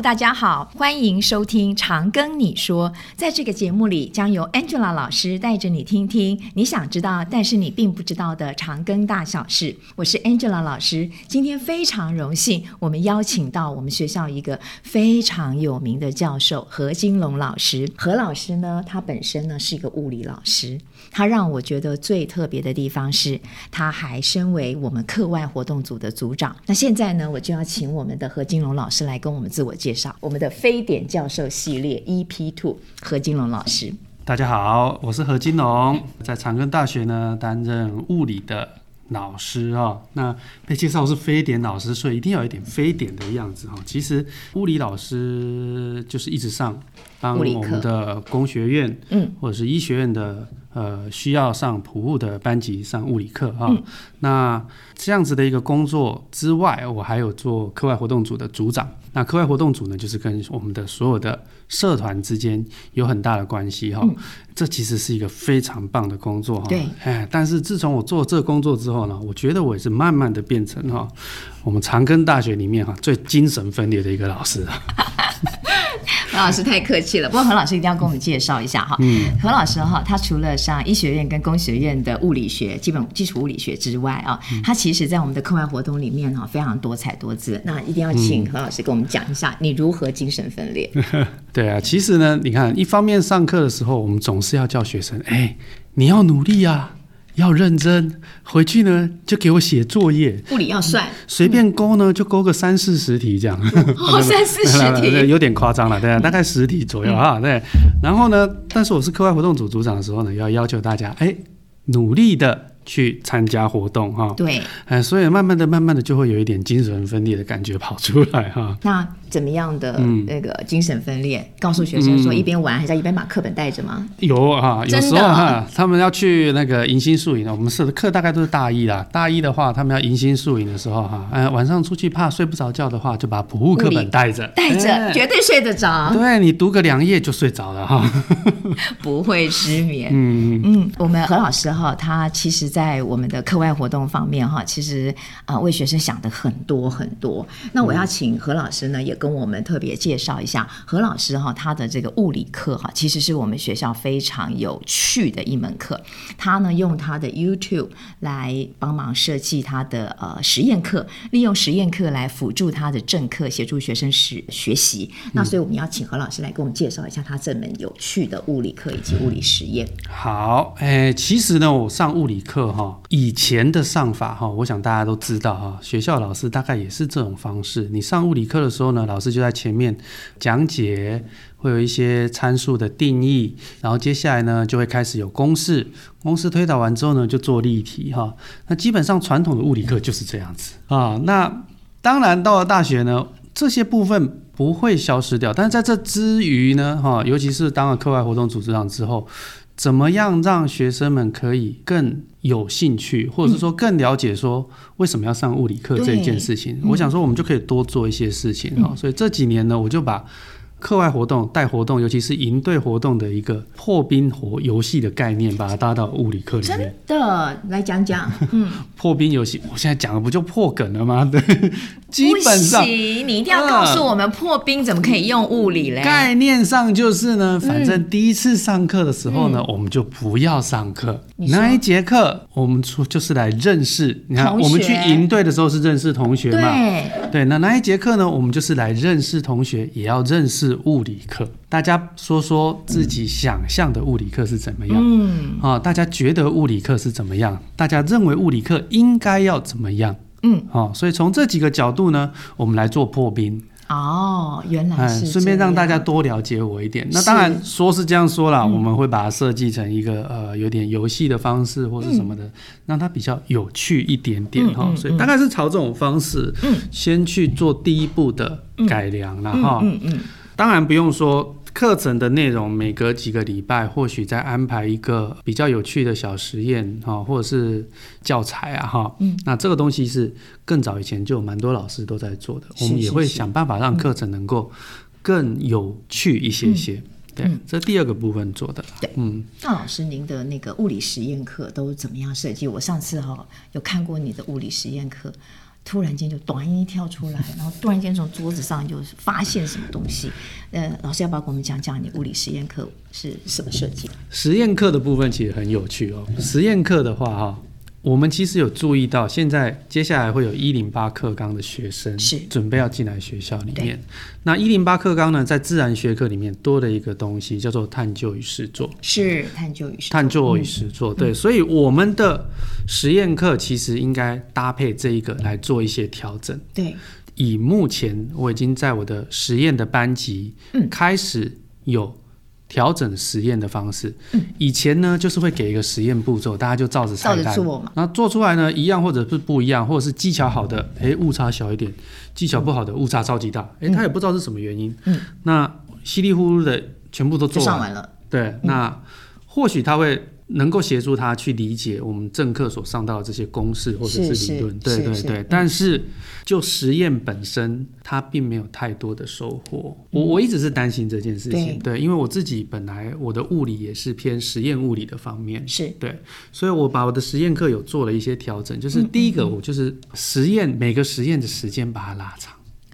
大家好，歡迎收聽《長庚，你說》。在這個節目裡，將由 Angela 老師帶着你聽聽你想知道但是你並不知道的長庚大小事。我是 Angela 老師，今天非常榮幸，我們邀請到我們學校一個非常有名的教授何金龍老師。何老師呢，他本身呢是一個物理老師，他讓我覺得最特別的地方是，他還身為我們課外活動組的組長。那現在呢，我就要請我們的何金龍老師來跟我們自我介紹。介紹我們的非典教授系列 EP2 何金龍老師，大家好，我是何金龍，在長庚大學呢擔任物理的老師啊、哦、那被介紹是非典老師，所以一定要有點非典的樣子哈、哦，其實物理老師就是一直上幫我們的工學院，嗯，或者是醫學院的呃需要上普物的班級上物理課啊、哦。嗯、那這樣子的一個工作之外，我還有做課外活動組的組長。那課外活動組呢，就是跟我們的所有的社團之間有很大的關係哈。嗯、這其實是一個非常棒的工作哈。對，哎，但是自從我做這個工作之後呢，我覺得我也是慢慢的變成哈，我們長庚大學裡面哈最精神分裂的一個老師。何 老師太客氣了，不過何老師一定要跟我們介紹一下哈。嗯。何老師哈，他除了上醫學院跟工學院的物理學基本基礎物理學之外啊，嗯、他其實在我們的課外活動裡面哈非常多彩多姿。那一定要請何老師給我們。講一下你如何精神分裂？對啊，其實呢，你看，一方面上課的時候，我們總是要叫學生，哎，你要努力啊，要認真，回去呢就給我寫作業，物理要算，嗯、隨便勾呢、嗯、就勾個三四十題這樣，哦，三四十題有點誇張了，對啊，大概十題左右啊，嗯、對，然後呢，但是我是課外活動組組，組長的時候呢，要要求大家，哎，努力的。去參加活動哈，對、嗯，所以慢慢的、慢慢的就會有一點精神分裂的感覺跑出來哈。那怎麼樣的那個精神分裂？嗯、告訴學生說一邊玩還在一邊把課本帶着嗎？有啊、嗯嗯，有時候哈，的他們要去那個迎新宿營我們是課大概都是大一啦。大一的話，他們要迎新宿營的時候哈、嗯，晚上出去怕睡不着覺的話，就把普物課本帶着，帶着、欸、絕對睡得着。對，你讀個兩頁就睡着了哈， 不會失眠。嗯嗯，我們何老師哈，他其實。在我們的課外活動方面，哈，其實啊，為學生想的很多很多。那我要請何老師呢，也跟我們特別介紹一下何老師哈，他的這個物理課哈，其實是我們學校非常有趣的一門課。他呢，用他的 YouTube 來幫忙設計他的呃實驗課，利用實驗課來輔助他的正課，協助學生學學習。那所以我們要請何老師來給我們介紹一下他這門有趣的物理課以及物理實驗。嗯。好，哎，欸，其實呢，我上物理課。哈，以前的上法哈，我想大家都知道哈。學校老師大概也是這種方式。你上物理課的時候呢，老師就在前面講解，會有一些參數的定義，然後接下來呢就會開始有公式。公式推導完之後呢，就做例題哈。那基本上傳統的物理課就是這樣子啊，哦。那當然到了大學呢，這些部分不會消失掉，但是在這之餘呢，哈，尤其是當了課外活動組組長之後。怎麼樣讓學生們可以更有興趣，或者是說更了解說為什麼要上物理課這件事情？嗯、我想說，我們就可以多做一些事情啊。嗯、所以這幾年呢，我就把課外活動、帶活動，尤其是營隊活動的一個破冰活遊戲的概念，把它搭到物理課裡面。真的來講講， 破冰遊戲，我現在講的不就破梗了嗎？對。 基本上，你一定要告訴我們破冰怎麼可以用物理嘞、嗯？概念上就是呢，反正第一次上課的時候呢，嗯、我們就不要上課。說哪一節課我們出就是來認識？你看，學我們去營隊的時候是認識同學嘛？對，那那哪一節課呢？我們就是來認識同學，也要認識物理課。大家說說自己想象的物理課是怎麼樣？嗯啊，大家覺得物理課是怎麼樣？大家認為物理課應該要怎麼樣？嗯，好、哦，所以從這幾個角度呢，我們來做破冰。哦，原來是、嗯、順便讓大家多了解我一點。是那當然說是這樣說啦，嗯、我們會把它設計成一個呃，有點遊戲的方式或是什麼的，嗯、讓它比較有趣一點點哈。嗯嗯嗯、所以大概是朝這種方式，嗯，先去做第一步的改良啦哈、嗯後嗯。嗯嗯，嗯當然不用說。課程的內容每隔幾個禮拜，或許再安排一個比較有趣的小實驗，哈，或者是教材啊，哈，嗯，那這個東西是更早以前就有蠻多老師都在做的，是是是，我們也會想辦法讓課程能夠更有趣一些些，嗯、對，這第二個部分做的，嗯嗯、對，嗯，那老師您的那個物理實驗課都怎麼樣設計？我上次哈、哦、有看過你的物理實驗課。突然間就短音一跳出來，然後突然間從桌子上就發現什麼東西。呃，老師要不要給我們講講你物理實驗課是什麼設計？實驗課的部分其實很有趣哦。實驗課的話，哦，哈。我們其實有注意到，現在接下來會有一零八課綱的學生是準備要進來學校裡面。嗯、那一零八課綱呢，在自然學科裡面多了一個東西叫做探究與實作，是探究與實作，探究與實作。與嗯、對，所以我們的實驗課其實應該搭配這一個來做一些調整。嗯、對，以目前我已經在我的實驗的班級，開始有。調整實驗的方式，嗯、以前呢就是會給一個實驗步驟，大家就照着做嘛。那做出來呢，一樣或者是不一樣，或者是技巧好的，哎、嗯，誤差小一點；技巧不好的，誤差超級大。哎、嗯，他也不知道是什麼原因。嗯，那稀里糊塗的全部都做完上來了。對，嗯、那或許他會。能夠協助他去理解我們正課所上到的這些公式或者是理論，是是對對對。是是，但是就實驗本身，他並沒有太多的收穫。嗯、我我一直是擔心這件事情，對，對，因為我自己本來我的物理也是偏實驗物理的方面，是對，所以我把我的實驗課有做了一些調整，就是第一個我就是實驗、嗯、每個實驗的時間把它拉長。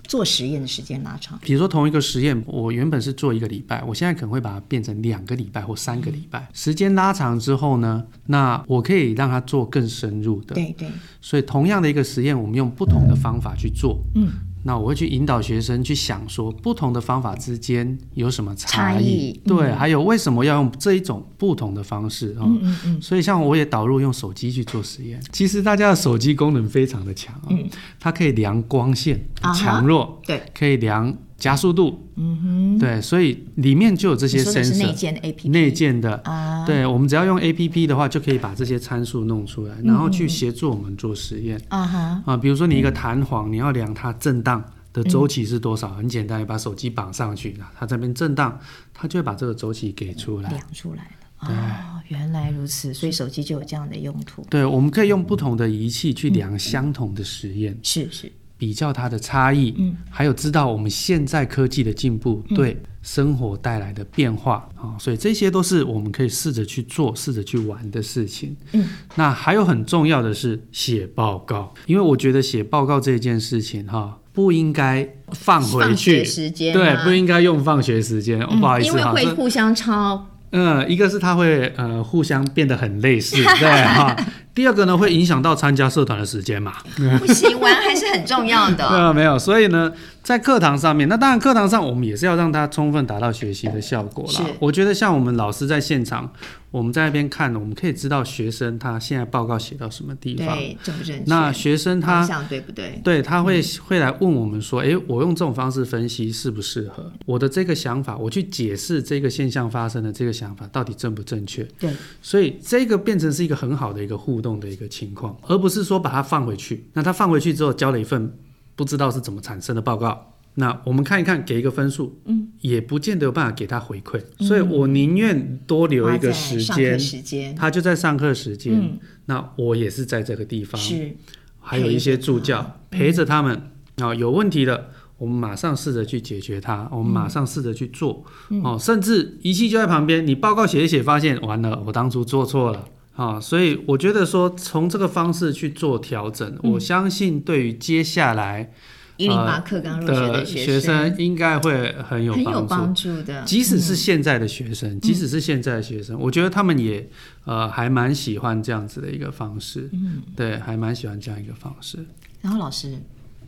做實驗的時間拉長，比如說同一個實驗，我原本是做一個禮拜，我現在可能會把它變成兩個禮拜或三個禮拜。時間拉長之後呢，那我可以讓它做更深入的。對對。所以同樣的一個實驗，我們用不同的方法去做。嗯。嗯那我會去引導學生去想說，不同的方法之間有什麼差異？差異嗯、對，還有為什麼要用這一種不同的方式啊？嗯嗯嗯。所以像我也導入用手機去做實驗，其實大家的手機功能非常的強、哦嗯、它可以量光線強弱，對、啊哈，可以量。加速度，嗯哼，對，所以裡面就有這些 sensor，你說的是內建 A P P，內建的啊，對，我們只要用 A P P 的話，就可以把這些參數弄出來，然後去協助我們做實驗啊哈啊，比如說你一個彈簧，你要量它振蕩的周期是多少，很簡單，把手機綁上去，它這邊振蕩，它就會把這個周期給出來，量出來了。哦，原來如此，所以手機就有這樣的用途。對，我們可以用不同的儀器去量相同的實驗。是是。比較它的差異，嗯、還有知道我們現在科技的進步，嗯、對生活帶來的變化，嗯哦，所以這些都是我們可以試着去做、試着去玩的事情，嗯、那還有很重要的是寫報告，因為我覺得寫報告這件事情哈、哦，不應該放回去放學時間，啊，對，不應該用放學時間，嗯哦，不好意思，因為會互相抄。嗯，一個是他會呃互相變得很類似，對哈。 第二個呢，會影響到參加社團的時間嘛。不行，玩 還是很重要的。沒有、嗯、沒有，所以呢，在課堂上面，那當然課堂上我們也是要讓他充分達到學習的效果啦。是。我覺得像我們老師在現場，我們在那邊看，我們可以知道學生他現在報告寫到什麼地方，對，正不正確。那學生他對不對？對，他會、嗯、會來問我們說：“誒、欸，我用這種方式分析適不適合我的這個想法？我去解釋這個現象發生的這個想法到底正不正確？”對。所以這個變成是一個很好的一個互動的一個情況，而不是說把它放回去。那他放回去之後交了一份。不知道是怎麼產生的報告，那我們看一看，給一個分數，嗯，也不見得有辦法給他回饋，嗯、所以我寧願多留一個時間，時間他就在上課時間，那我也是在這個地方，是還有一些助教陪着他們，啊、嗯哦，有問題的，我們馬上試着去解決它，我們馬上試着去做，嗯、哦，甚至儀器就在旁邊，你報告寫一寫，發現完了，我當初做錯了。啊，所以我覺得說從這個方式去做調整，嗯、我相信對於接下來一零八課綱入學的學生，學生應該會很有幫助，很有幫助的。即使是現在的學生，嗯、即使是現在的學生，我覺得他們也、呃、還蠻喜歡這樣子的一個方式，嗯，對，還蠻喜歡這樣一個方式。然後老師，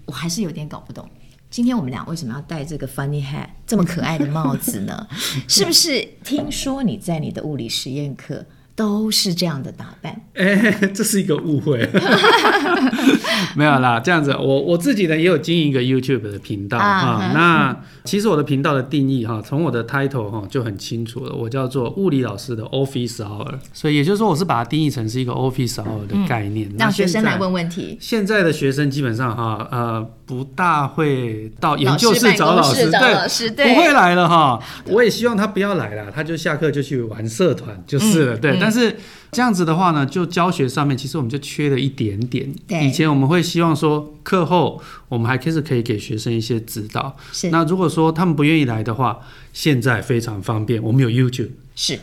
我還是有點搞不懂，今天我們倆為什麼要戴這個 funny hat 這麼可愛的帽子呢？ 是不是聽說你在你的物理實驗課？都是這樣的打扮，哎、欸，這是一個誤會， 沒有啦，這樣子，我我自己呢也有經營一個 YouTube 的頻道啊。啊那、嗯、其實我的頻道的定義哈，從我的 title 哈就很清楚了，我叫做物理老師的 Office Hour，所以也就是說，我是把它定義成是一個 Office Hour 的概念，嗯、讓學生來問問題。現在的學生基本上哈，呃，不大會到研究室找老師，老師找老師對，老師對不會來了哈。我也希望他不要來了，他就下課就去玩社團就是了，嗯、對，但、嗯。但是這樣子的話呢，就教學上面其實我們就缺了一點點。對，以前我們會希望說課後我們還可以是可以給學生一些指導。是，那如果說他們不願意來的話，現在非常方便，我們有 YouTube。是，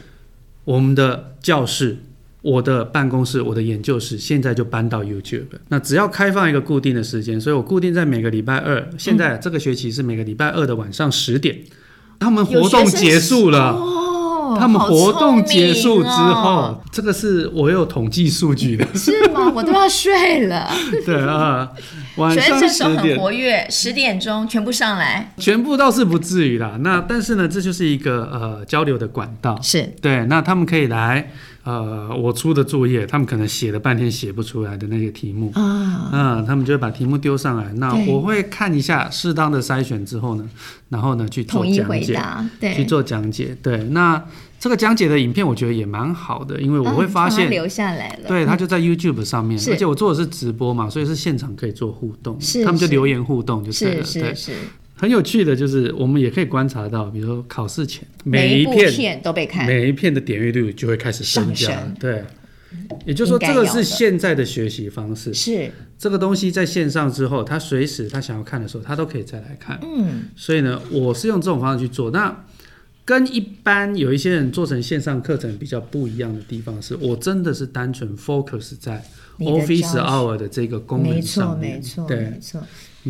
我們的教室，我的辦公室，我的研究室現在就搬到 YouTube。那只要開放一個固定的時間，所以我固定在每個禮拜二。現在這個學期是每個禮拜二的晚上十點，嗯，他們活動結束了。他們活動結束之後，哦哦、這個是我有統計數據的，是嗎？我都要睡了。 對啊，晚上十點很活躍，十點鐘全部上來，全部倒是不至於啦。那但是呢，這就是一個呃交流的管道，是對。那他們可以來。呃，我出的作業，他們可能寫了半天寫不出來的那些題目，嗯、啊呃，他們就會把題目丟上來。對那我會看一下，適當的篩選之後呢，然後呢去統一回答，對，去做講解。對，那這個講解的影片我覺得也蠻好的，因為我會發現、啊、留下來了，對他就在 YouTube 上面，嗯、而且我做的是直播嘛，所以是現場可以做互動，是是他們就留言互動就是了，是是是對。是是很有趣的就是，我們也可以觀察到，比如說考試前每一片都被看，每一片的點閱率就會開始上升。對，也就是說，這個是現在的學習方式。是這個東西在線上之後，他隨時他想要看的時候，他都可以再來看。嗯，所以呢，我是用這種方式去做。那跟一般有一些人做成線上課程比較不一樣的地方是，我真的是單純 focus 在 George, Office Hour 的這個功能上面沒錯沒錯沒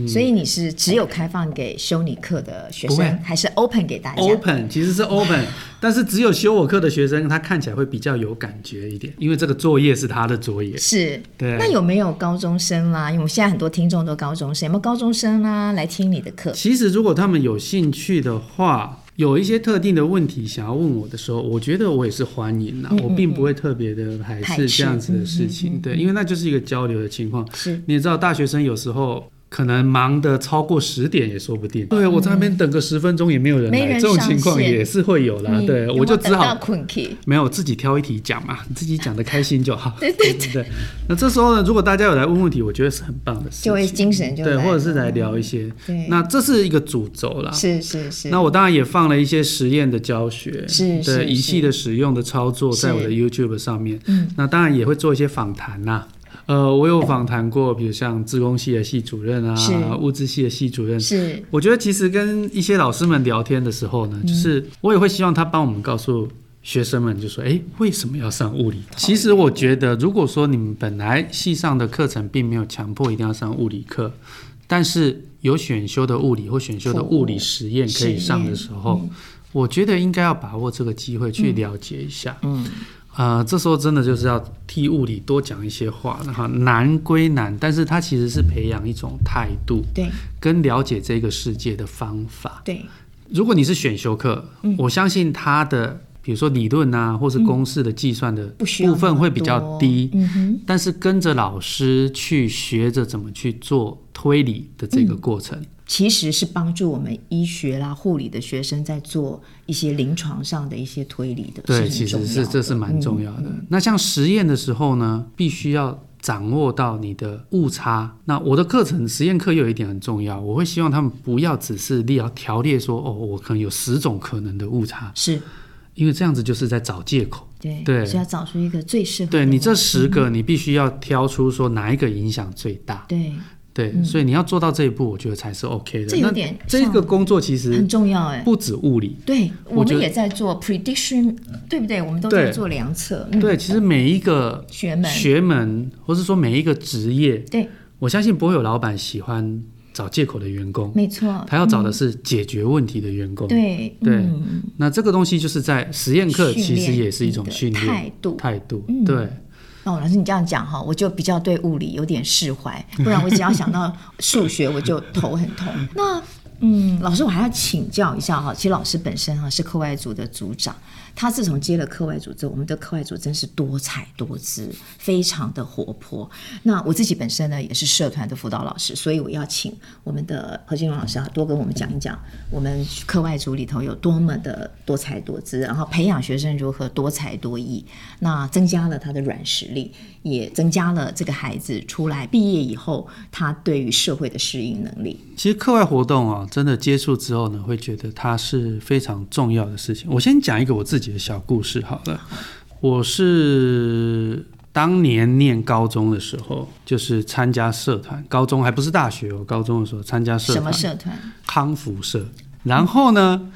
錯，所以你是只有開放給修你課的學生，會還是 Open 給大家？Open 其實是 Open，哇但是只有修我課的學生，他看起來會比較有感覺一點，因為這個作業是他的作業。是，對。那有沒有高中生啦、啊？因為我現在很多聽眾都高中生，有沒有高中生啦、啊、來聽你的課？其實如果他們有興趣的話。有一些特定的問題想要問我的時候，我覺得我也是歡迎的，嗯嗯嗯，我並不會特別的排斥這樣子的事情，迫迫嗯嗯對，因為那就是一個交流的情況。是，你也知道大學生有時候。可能忙得超過十點也說不定。對，我在那邊等個十分鐘也沒有人來，這種情況也是會有啦。對，我就只好困沒有自己挑一題講嘛，自己講得開心就好。對對對。那這時候呢，如果大家有來問問題，我覺得是很棒的事情。就會精神就對，或者是來聊一些。那這是一個主軸啦。是是是。那我當然也放了一些實驗的教學，是的儀器的使用的操作，在我的 YouTube 上面。嗯。那當然也會做一些訪談吶。呃，我有訪談過，比如像資工系的系主任啊，是物質系的系主任，是，我覺得其實跟一些老師們聊天的時候呢，嗯、就是我也會希望他幫我們告訴學生們，就說，哎、欸，為什麼要上物理？嗯、其實我覺得，如果說你們本來系上的課程並沒有強迫一定要上物理課，但是有選修的物理或選修的物理實驗可以上的時候，嗯嗯、我覺得應該要把握這個機會去了解一下，嗯。嗯呃，這時候真的就是要替物理多講一些話，然後、嗯、難歸難，但是它其實是培養一種態度，對、嗯，跟了解這個世界的方法，對。如果你是選修課，嗯、我相信它的，比如說理論啊，或是公式的計算的，部分會比較低，哦嗯、但是跟着老師去學着怎麼去做推理的這個過程。嗯其實是幫助我們醫學啦、護理的學生在做一些臨床上的一些推理的、的對，其實是這是蠻重要的。嗯嗯、那像實驗的時候呢，必須要掌握到你的誤差。那我的課程實驗課又有一點很重要，我會希望他們不要只是列要條列說，哦，我可能有十種可能的誤差，是因為這樣子就是在找借口，對，是對要找出一個最適合的。對你這十個，你必須要挑出說哪一個影響最大。嗯、對。對，所以你要做到這一步，我覺得才是 OK 的。這一點，這個工作其實很重要哎，不止物理。對，我們也在做 prediction，對不對？我們都在做量測。對，其實每一個學門、學門，或是說每一個職業，對，我相信不會有老闆喜歡找借口的員工。沒錯，他要找的是解決問題的員工。對對，那這個東西就是在實驗課，其實也是一種訓練態度。態度，對。哦，老師，你這樣講哈，我就比較對物理有點釋懷，不然我只要想到數學我就頭很痛。 那嗯，老師，我還要請教一下哈，其實老師本身哈是課外組的組長。他自從接了課外組之後，我們的課外組真是多彩多姿，非常的活潑。那我自己本身呢，也是社團的輔導老師，所以我要請我們的何金龍老師啊，多跟我們講一講我們課外組裡頭有多麼的多彩多姿，然後培養學生如何多才多藝，那增加了他的軟實力，也增加了這個孩子出來畢業以後他對於社會的適應能力。其實課外活動啊，真的接觸之後呢，會覺得它是非常重要的事情。我先講一個我自己，小故事好了，我是當年念高中的時候，就是參加社團。高中還不是大學、哦，我高中的時候參加社什麼社團？康輔社。然後呢，嗯、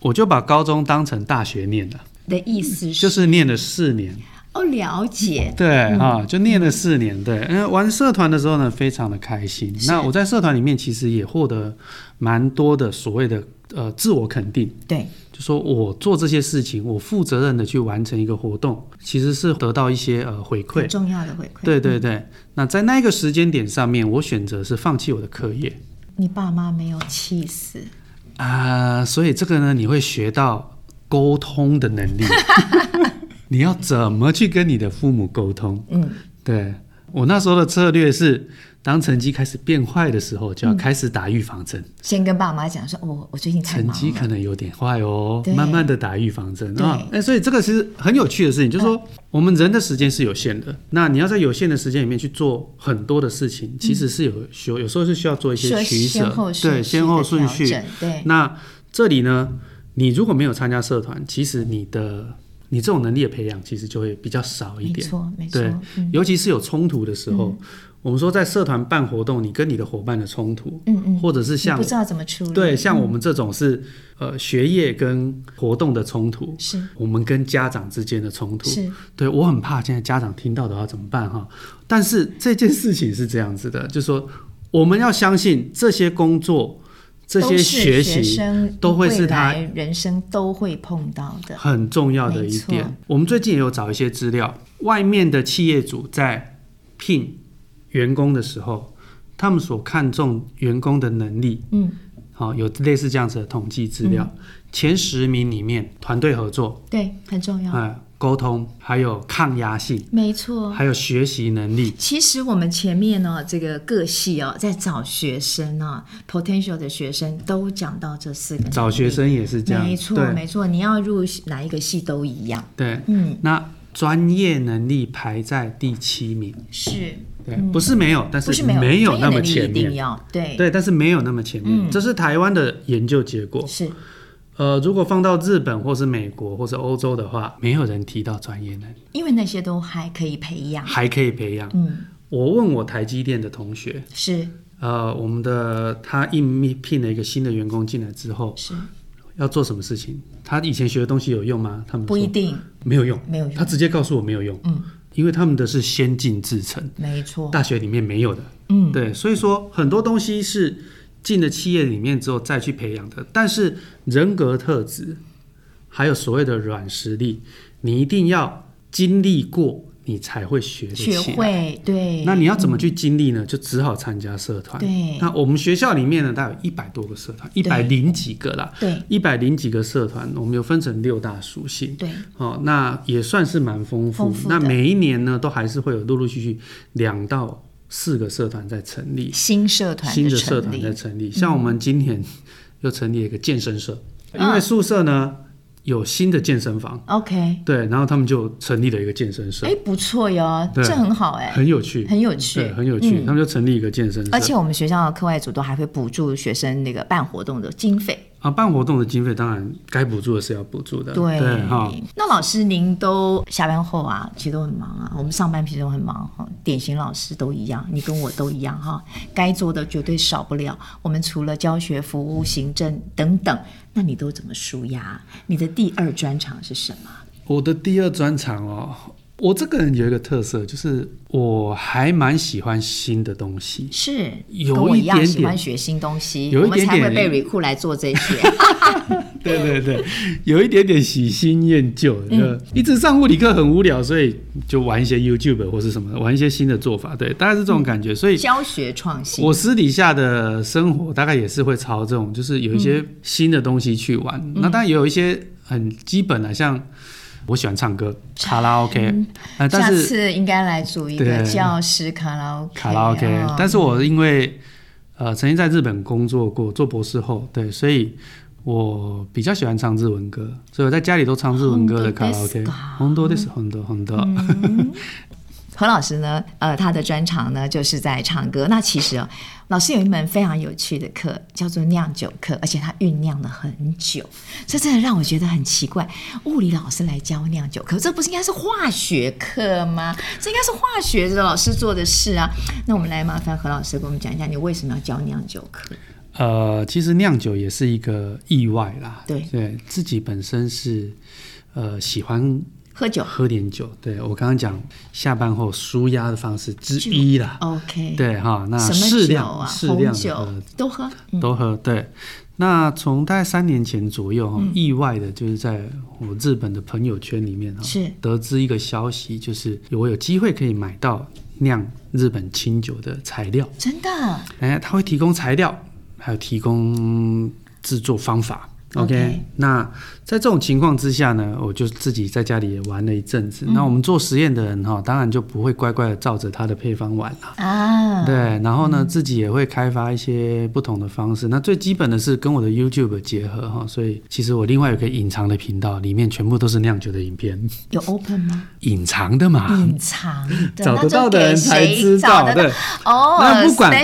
我就把高中當成大學念了。的意思是，就是念了四年。哦，了解，對、嗯、啊，就念了四年，嗯、對，嗯，玩社團的時候呢，非常的開心。是那我在社團裡面其實也獲得蠻多的所謂的呃自我肯定，對，就說我做這些事情，我負責任的去完成一個活動，其實是得到一些呃回饋，很重要的回饋，對對對。嗯、那在那個時間點上面，我選擇是放棄我的課業，你爸媽沒有氣死啊、呃，所以這個呢，你會學到溝通的能力。 你要怎麼去跟你的父母溝通？嗯，對我那時候的策略是，當成績開始變壞的時候，就要開始打預防針、嗯。先跟爸媽講說：“哦，我最近成績可能有點壞哦。對”慢慢的打預防針。對啊。’哎，所以這個其實很有趣的事情，就是說我們人的時間是有限的，呃、那你要在有限的時間裡面去做很多的事情，嗯、其實是有需有時候是需要做一些取舍，先後對，先後順序。對，那這裡呢，你如果沒有參加社團，其實你的。你這種能力的培養，其實就會比較少一點。沒錯，沒錯。對，嗯、尤其是有衝突的時候，嗯、我們說在社團辦活動，你跟你的夥伴的衝突，嗯嗯，嗯或者是像不知道怎麼處理。對，像我們這種是、嗯、呃學業跟活動的衝突，是。我們跟家長之間的衝突，是。對，我很怕現在家長聽到的話怎麼辦哈？但是這件事情是這樣子的，就是說我們要相信這些工作。這些學習都會是他人生都會碰到的很重要的一點。我們最近也有找一些資料，外面的企業主在聘員工的時候，他們所看重員工的能力，嗯。好、哦，有類似這樣子的統計資料，嗯、前十名裡面團隊合作對，很重要嗯，溝通還有抗壓性，沒錯錯，還有學習能力。其實我們前面呢、哦，這個各系哦，在找學生啊，potential 的學生都講到這四個。找學生也是這樣，沒錯錯對沒錯，你要入哪一個系都一樣。對，嗯，那專業能力排在第七名。是。不是沒有，但是沒有那麼前面。對對，但是沒有那麼前面。這是台灣的研究結果。是，呃，如果放到日本或是美國或是歐洲的話，沒有人提到專業能力，因為那些都還可以培養，還可以培養。嗯，我問我台積電的同學是，呃，我們的他應聘了一個新的員工進來之後是，要做什麼事情？他以前學的東西有用嗎？他們不一定，沒有用，沒有用。他直接告訴我沒有用。嗯。因為他們的是先進製程，沒錯，大學裡面沒有的，嗯，對，所以說很多東西是進了企業裡面之後再去培養的，但是人格特質，還有所謂的軟實力，你一定要經歷過。你才會學學會對，那你要怎麼去經歷呢？就只好參加社團。對，那我們學校裡面呢，大概有一百多個社團，一百零幾個啦。對，一百零幾個社團，我們又分成六大屬性。對，哦，那也算是蠻豐富。那每一年呢，都還是會有陸陸續續兩到四個社團在成立，新社團新的社團在成立。像我們今天又成立了一個健身社，因為宿舍呢。有新的健身房，OK，對，然後他們就成立了一個健身社，哎，不錯喲，對，這很好哎，很有趣，很有趣，對，很有趣，他們就成立一個健身社，而且我們學校的課外組都還會補助學生那個辦活動的經費。啊，辦活動的經費，當然該補助的是要補助的。對哈，對哦、那老師您都下班後啊，其實都很忙啊。我們上班其實都很忙、啊，典型老師都一樣，你跟我都一樣哈、啊。 該做的絕對少不了。我們除了教學、服務、行政等等，嗯、那你都怎麼舒壓？你的第二專長是什麼？我的第二專長哦。我這個人有一個特色，就是我還蠻喜歡新的東西，是有一點點喜歡學新東西，有一點點被水庫來做這些， 對對對，有一點點喜新厭舊。一直上物理課很無聊，所以就玩一些 YouTube 或是什麼，玩一些新的做法，對，大概是這種感覺。嗯、所以教學創新，我私底下的生活大概也是會朝這種，就是有一些新的東西去玩。嗯、那當然也有一些很基本的、啊，像。我喜歡唱歌，卡拉 OK。嗯、但是下次應該來組一個教師卡拉 OK。卡拉 OK，哦、但是我因為呃曾經在日本工作過，做博士後，對，所以我比較喜歡唱日文歌，所以我在家裡都唱日文歌的卡拉 OK。很多對，很多很多。 何老師呢？呃，他的專長呢，就是在唱歌。那其實哦，老師有一門非常有趣的課，叫做釀酒課，而且他醞釀了很久，這真的讓我覺得很奇怪。物理老師來教釀酒課，這不是應該是化學課嗎？這應該是化學的老師做的事啊。那我們來麻煩何老師給我們講一下，你為什麼要教釀酒課？呃，其實釀酒也是一個意外啦。對對，自己本身是呃喜歡。喝酒，喝點酒，對，我剛剛講下班後舒壓的方式之一啦。OK，對哈，那適量適量、什麼酒啊、紅酒適量的喝都喝，嗯、都喝，對。那從大概三年前左右哈，嗯、意外的就是在我日本的朋友圈裡面哈，是、嗯、得知一個消息，就是我有機會可以買到釀日本清酒的材料。真的？哎、欸，他會提供材料，還有提供製作方法。OK，那在這種情況之下呢，我就自己在家裡也玩了一陣子。那我們做實驗的人哈，當然就不會乖乖的照着他的配方玩了啊。對，然後呢，自己也會開發一些不同的方式。那最基本的是跟我的 YouTube 結合哈，所以其實我另外有一個隱藏的頻道裡面全部都是釀酒的影片。有 Open 嗎？隱藏的嘛，隱藏，找得到的人才知道，對，哦。那不管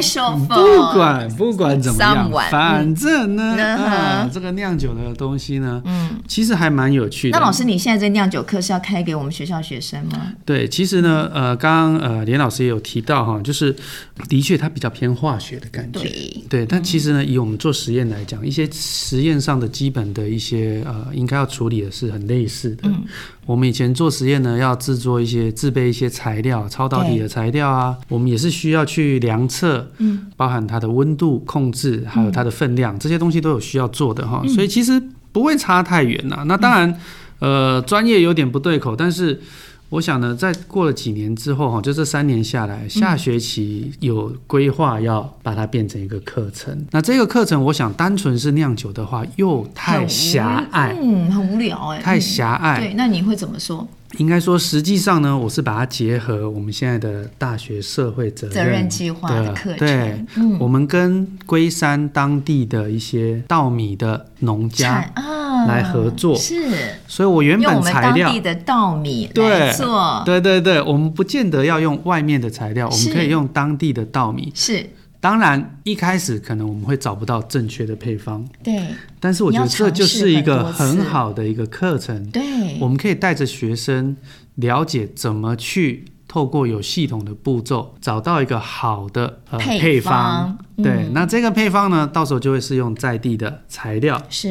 不管不管怎麼樣，反正呢，啊，這個釀酒。酒的東西呢，嗯，其實還蠻有趣的。那老師，你現在這釀酒課是要開給我們學校學生嗎？對，其實呢，呃，剛剛呃，連老師也有提到哈，就是的確它比較偏化學的感覺，對，對。但其實呢，以我們做實驗來講，一些實驗上的基本的一些呃，應該要處理的是很類似的。嗯、我們以前做實驗呢，要制作一些製備、一些材料，超導體的材料啊，對我們也是需要去量測，嗯，包含它的溫度控制，還有它的分量，嗯、這些東西都有需要做的哈，所以其實不會差太遠吶、啊。那當然，呃，專業有點不對口，嗯、但是我想呢，在過了幾年之後，哈，就這三年下來，下學期有規劃要把它變成一個課程。嗯、那這個課程，我想單純是釀酒的話，又太狹隘，哎、嗯，很無聊、欸，哎，太狹隘、嗯。對，那你會怎麼說？應該說，實際上呢，我是把它結合我們現在的大學社會責任責任計劃的課程，對對嗯、我們跟龜山當地的一些稻米的農家來合作，啊、是，所以我原本材料用我們當地的稻米來做。對，對對對，我們不見得要用外面的材料，我們可以用當地的稻米。是。是當然，一開始可能我們會找不到正確的配方。對。但是我覺得這就是一個很好的一個課程。對。我們可以帶着學生了解怎麼去透過有系統的步驟找到一個好的、呃、配方。配方對。嗯、那這個配方呢，到時候就會是用在地的材料。是。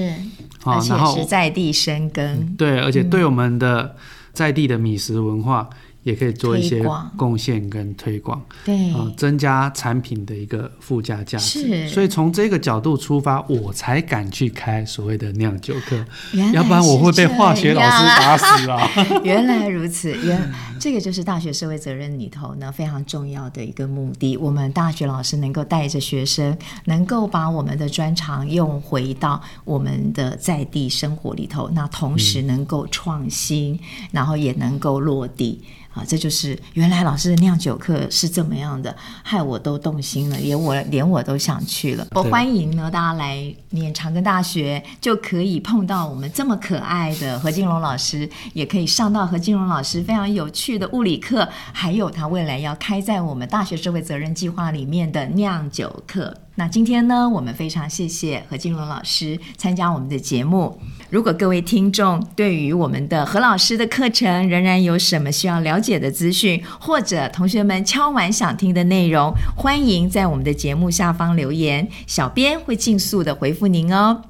啊，然後在地生根。啊嗯、對，而且對我們的在地的米食文化。也可以做一些貢獻跟推、推廣，對、呃，增加產品的一個附加價值。是所以從這個角度出發，我才敢去開所謂的釀酒課，啊、要不然我會被化學老師打死啊！原來如此， 原這個就是大學社會責任裡頭呢，非常重要的一個目的。我們大學老師能夠帶着學生，能夠把我們的專長用回到我們的在地生活裡頭，那同時能夠創新，嗯、然後也能夠落地。啊，這就是原來老師的釀酒課是這麼樣的，害我都動心了，連我連我都想去了。對我歡迎呢，大家來念長庚大學，就可以碰到我們這麼可愛的何金龍老師，也可以上到何金龍老師非常有趣的物理課，還有他未來要開在我們大學社會責任計劃裡面的釀酒課。那今天呢，我們非常謝謝何金龍老師參加我們的節目。如果各位聽眾對於我們的何老師的課程仍然有什麼需要了解的資訊，或者同學們敲碗想聽的內容，歡迎在我們的節目下方留言，小編會盡速的回復您哦。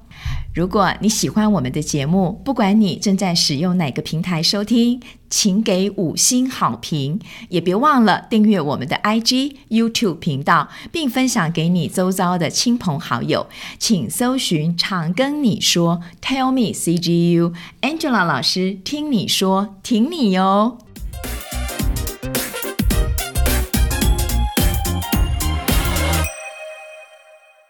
如果你喜歡我們的節目，不管你正在使用哪個平台收聽，請給五星好評，也別忘了訂閱我們的 IG、YouTube 頻道，並分享給你周遭的親朋好友。請搜尋“長庚你說 ”，Tell me CGU Angela 老師聽你說，聽你喲。